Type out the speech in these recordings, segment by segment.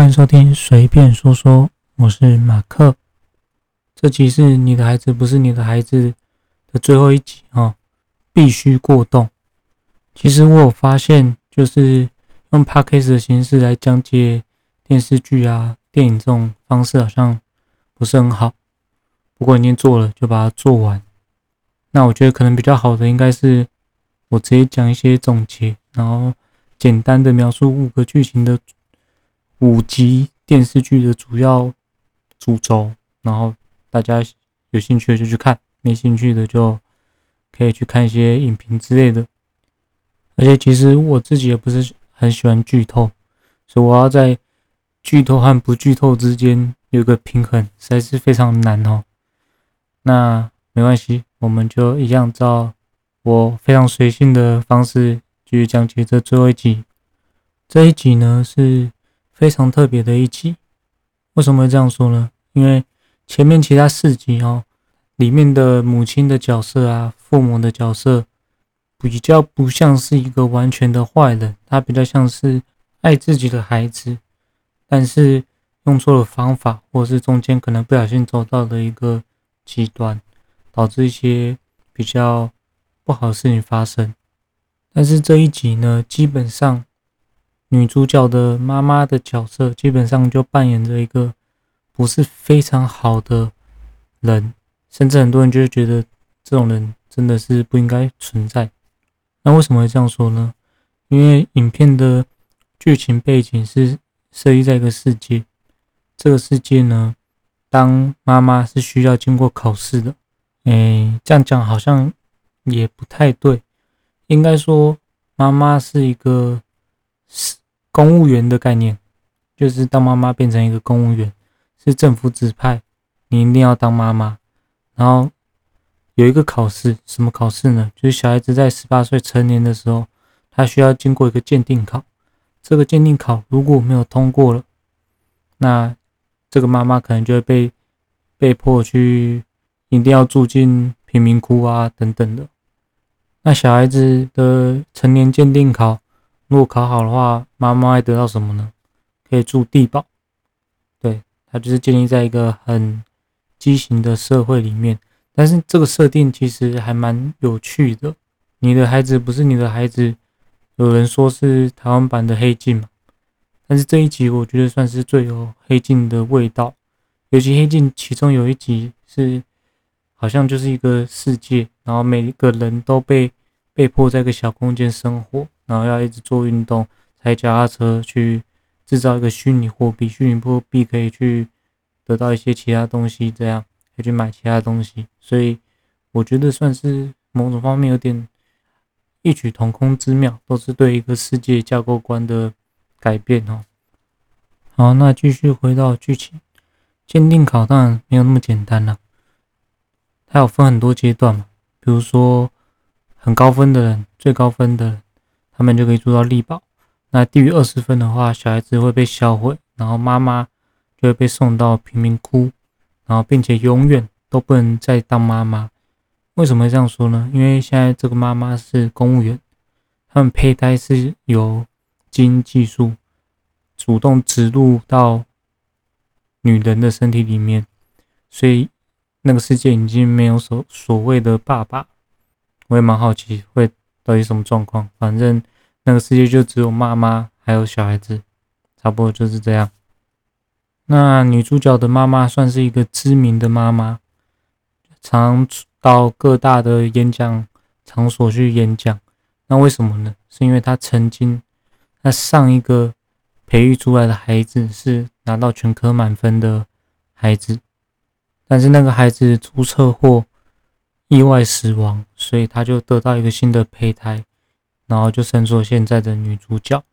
歡迎收聽，隨便說說，我是馬克。這期是你的孩子不是你的孩子的最後一集啊、哦，必須過動。其實我有發現，就是用 Podcast 的形式來講解電視劇啊、電影這種方式好像不是很好。不過已經做了，就把它做完。那我覺得可能比較好的應該是我直接講一些總結，然後簡單的描述五個劇情的。五集電視劇的主要主軸，然後大家有興趣的就去看，沒興趣的就可以去看一些影評之類的。而且其實我自己也不是很喜歡劇透，所以我要在劇透和不劇透之間有個平衡，實在是非常難哦。那沒關係，我們就一樣照我非常隨性的方式去講解這最後一集。這一集呢是。非常特別的一集，為什麼會這樣說呢？因為前面其他四集哦，裡面的母親的角色啊，父母的角色比較不像是一個完全的壞人，他比較像是愛自己的孩子，但是用錯了方法，或者是中間可能不小心走到的一個極端，導致一些比較不好的事情發生。但是這一集呢，基本上。女主角的媽媽的角色，基本上就扮演着一個不是非常好的人，甚至很多人就會覺得這種人真的是不應該存在。那為什麼會這樣說呢？因為影片的劇情背景是設立在一個世界，這個世界呢，當媽媽是需要經過考試的。欸，這樣講好像也不太對，應該說媽媽是一個是。公務員的概念，就是當媽媽變成一個公務員，是政府指派，你一定要當媽媽。然後有一個考試，什麼考試呢？就是小孩子在十八歲成年的時候，他需要經過一個鑑定考。這個鑑定考如果沒有通過了，那這個媽媽可能就會被，被迫去，一定要住進貧民窟啊等等的。那小孩子的成年鑑定考，如果考好的話，媽媽會得到什麼呢？可以住地堡。對，他就是建立在一個很畸形的社會裡面。但是這個設定其實還蠻有趣的。你的孩子不是你的孩子，有人說是台灣版的《黑鏡》嘛。但是這一集我覺得算是最有《黑鏡》的味道。尤其《黑鏡》其中有一集是好像就是一個世界，然後每一個人都被被迫在一個小空間生活。然後要一直做運動，踩腳踏車去製造一個虛擬貨幣，虛擬貨幣可以去得到一些其他東西，這樣可以去買其他東西。所以我覺得算是某種方面有點異曲同工之妙，都是對一個世界架構觀的改變哦。好，那繼續回到劇情，鑑定考當然沒有那麼簡單了，它有分很多階段嘛，比如說很高分的人，最高分的人。他們就可以做到力保，那低於二十分的話，小孩子會被銷毀，然後媽媽就會被送到貧民窟，然後並且永遠都不能再當媽媽。為什麼會這樣說呢？因為現在這個媽媽是公務員，他們胚胎是由基因技術主動植入到女人的身體裡面，所以那個世界已經沒有所所謂的爸爸。我也蠻好奇會。到底什麼狀況？反正那個世界就只有媽媽，還有小孩子，差不多就是這樣。那女主角的媽媽算是一個知名的媽媽，常常到各大的演講場所去演講。那為什麼呢？是因為她曾經，她上一個培育出來的孩子是拿到全科滿分的孩子，但是那個孩子出車禍。意外死亡，所以他就得到一個新的胚胎，然後就生出了現在的女主角。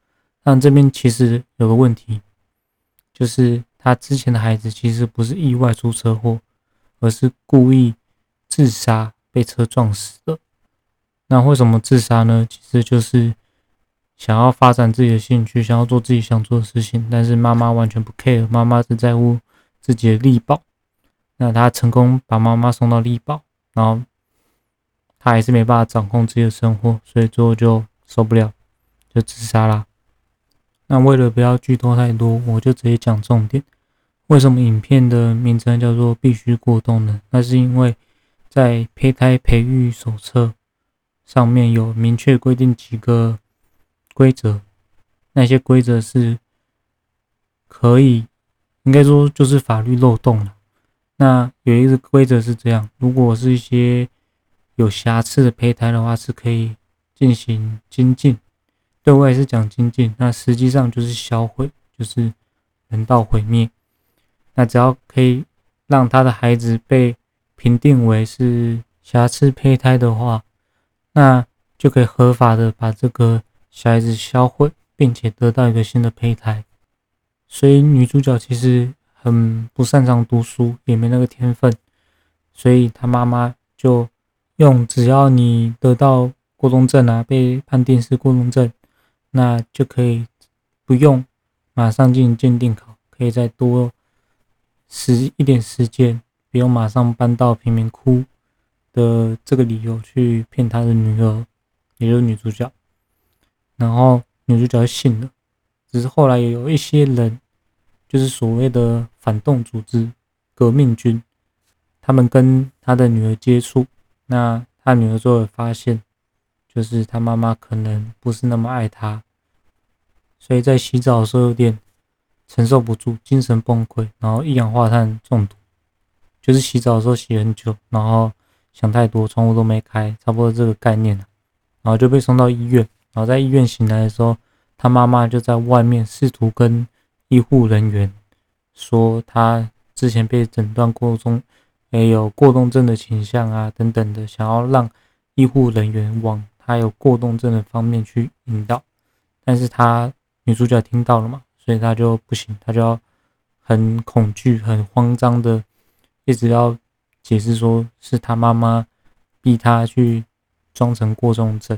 但這邊其實有個問題，就是她之前的孩子其實不是意外出車禍，而是故意自殺被車撞死的。那為什麼自殺呢？其實就是想要發展自己的興趣，想要做自己想做的事情，但是媽媽完全不 care，媽媽只在乎自己的力保，那她成功把媽媽送到力保。然後他還是沒辦法掌控自己的生活，所以最後就受不了，就自殺了。那為了不要劇透太多，我就直接講重點：為什麼影片的名稱叫做《必須過動》呢？那是因為在胚胎培育手冊上面有明確規定幾個規則，那些規則是可以，應該說就是法律漏洞了。那有一個規則是這樣：如果是一些有瑕疵的胚胎的話，是可以進行精進。對外也是講精進，那實際上就是銷毀，就是人道毀滅。那只要可以讓他的孩子被評定為是瑕疵胚胎的話，那就可以合法的把這個小孩子銷毀，並且得到一個新的胚胎。所以女主角其實。嗯，很不擅長讀書，也沒那個天分，所以他媽媽就用只要你得到過動症啊，被判定是過動症，那就可以不用馬上進行鑑定考，可以再多一點時間，不用馬上搬到貧民窟的這個理由去騙他的女兒，也就是女主角，然後女主角信了，只是後來也有一些人。就是所謂的反動組織、革命軍，他們跟他的女兒接觸，那他女兒就會發現，就是他媽媽可能不是那麼愛他，所以在洗澡的時候有點承受不住，精神崩潰，然後一氧化碳中毒，就是洗澡的時候洗很久，然後想太多，窗戶都沒開，差不多這個概念，然後就被送到醫院，然後在醫院醒來的時候，他媽媽就在外面試圖跟。醫護人員說他之前被診斷過中，也有過動症的傾向啊，等等的，想要讓醫護人員往他有過動症的方面去引導，但是他女主角聽到了嘛，所以他就不行，他就要很恐懼、很慌張的，一直要解釋說是他媽媽逼他去裝成過動症，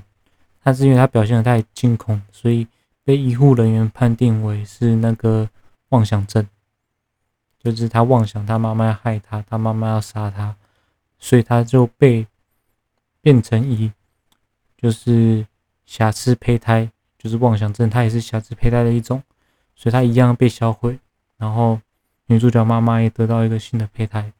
但是因為他表現得太驚恐，所以。被醫護人員判定為是那個妄想症，就是他妄想他媽媽要害他，他媽媽要殺他，所以他就被變成一，就是瑕疵胚胎，就是妄想症，他也是瑕疵胚胎的一種，所以他一樣被銷毀。然後女主角媽媽也得到一個新的胚胎，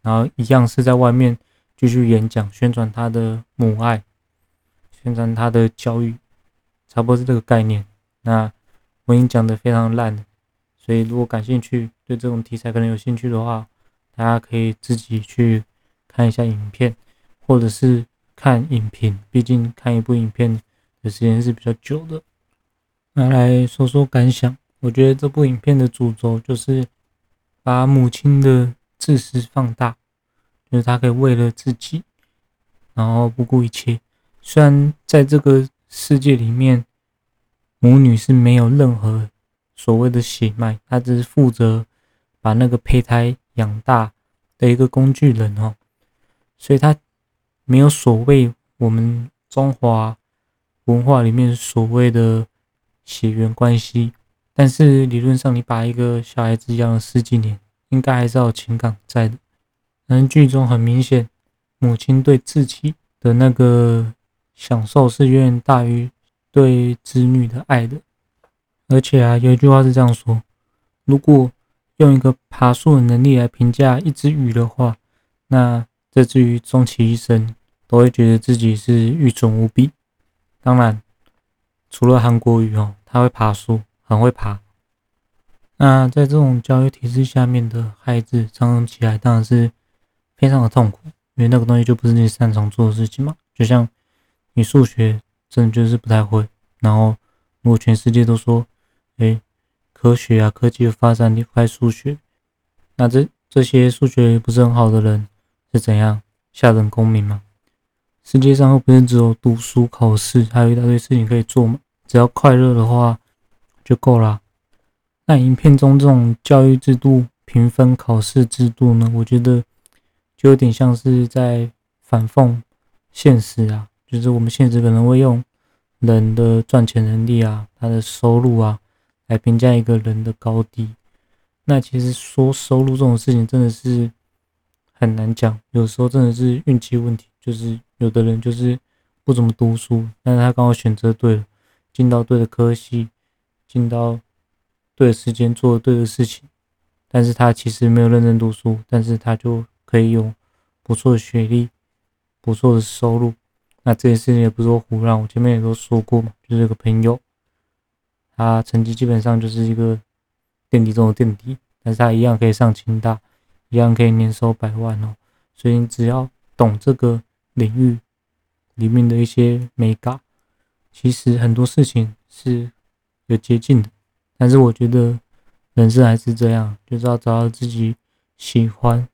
然後一樣是在外面繼續演講，宣傳她的母愛，宣傳她的教育。差不多是這個概念。那我已經講的非常爛了，所以如果感興趣，對這種題材可能有興趣的話，大家可以自己去看一下影片，或者是看影評。畢竟看一部影片的時間是比較久的，那來說說感想。我覺得這部影片的主軸就是把母親的自私放大，就是她可以為了自己，然後不顧一切。雖然在這個世界裡面，母女是沒有任何所謂的血脈，她只是負責把那個胚胎養大的一個工具人哦，所以她沒有所謂我們中華文化裡面所謂的血緣關係。但是理論上，你把一個小孩子養了十幾年，應該還是要情感在的。但劇中很明顯，母親對自己的那個。享受是遠遠大於，對子女的愛的，而且啊，有一句話是這樣說，如果用一個爬樹的能力來評價一只魚的話，那這只魚終其一生都會覺得自己是愚蠢無比。當然，除了韓國魚哦，它會爬樹，很會爬。那在這種教育體制下面的孩子，成長起來當然是非常的痛苦，因為那個東西就不是你擅長做的事情嘛，就像。你數學真的就是不太會，然後如果全世界都說，哎、欸，科學啊，科技的發展離不開數學，那這這些數學不是很好的人是怎樣下等公民嗎？世界上不是只有讀書考試，還有一大堆事情可以做嘛？只要快樂的話就夠啦。那影片中這種教育制度、評分考試制度呢？我覺得就有點像是在反諷現實啊。就是我們現實可能會用人的賺錢能力啊，他的收入啊，來評價一個人的高低。那其實說收入這種事情真的是很難講，有時候真的是運氣問題。就是有的人就是不怎麼讀書，但是他剛好選擇對了，進到對的科系，進到對的時間，做對的事情。但是他其實沒有認真讀書，但是他就可以有不錯的學歷，不錯的收入。那這件事情也不是說胡亂，我前面也都說過嘛，就是這個朋友，他成績基本上就是一個墊底中的墊底，但是他一樣可以上清大，一樣可以年收百萬哦。所以你只要懂這個領域裡面的一些眉角，其實很多事情是有捷徑的。但是我覺得人生還是這樣，就是要找到自己喜歡、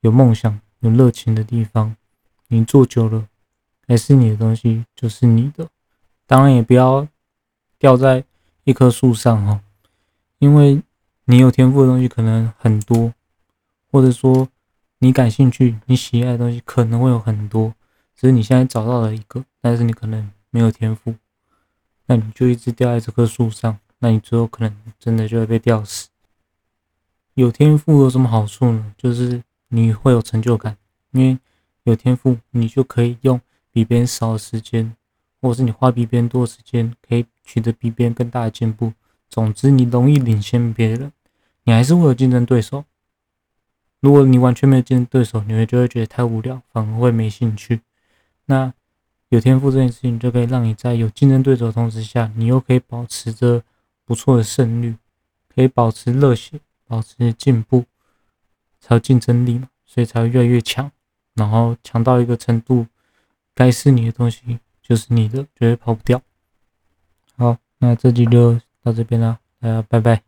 有夢想、有熱情的地方，你做久了，還是你的東西就是你的，當然也不要吊在一棵樹上哦，因為你有天賦的東西可能很多，或者說你感興趣、你喜愛的東西可能會有很多，只是你現在找到了一個，但是你可能沒有天賦，那你就一直吊在這棵樹上，那你最後可能真的就會被吊死。有天賦有什麼好處呢？就是你會有成就感，因為有天賦你就可以用。比別人少的時間，或者是你花比別人多的時間，可以取得比別人更大的進步。總之，你容易領先別人，你還是會有競爭對手。如果你完全沒有競爭對手，你會就會覺得太無聊，反而會沒興趣。那有天賦這件事情，就可以讓你在有競爭對手的同時下，你又可以保持着不錯的勝率，可以保持熱血，保持進步，才有競爭力嘛。所以才會越來越強，然後強到一個程度。該是你的東西，就是你的，絕對跑不掉。好，那這集就到這邊啦，大家，呃，拜拜。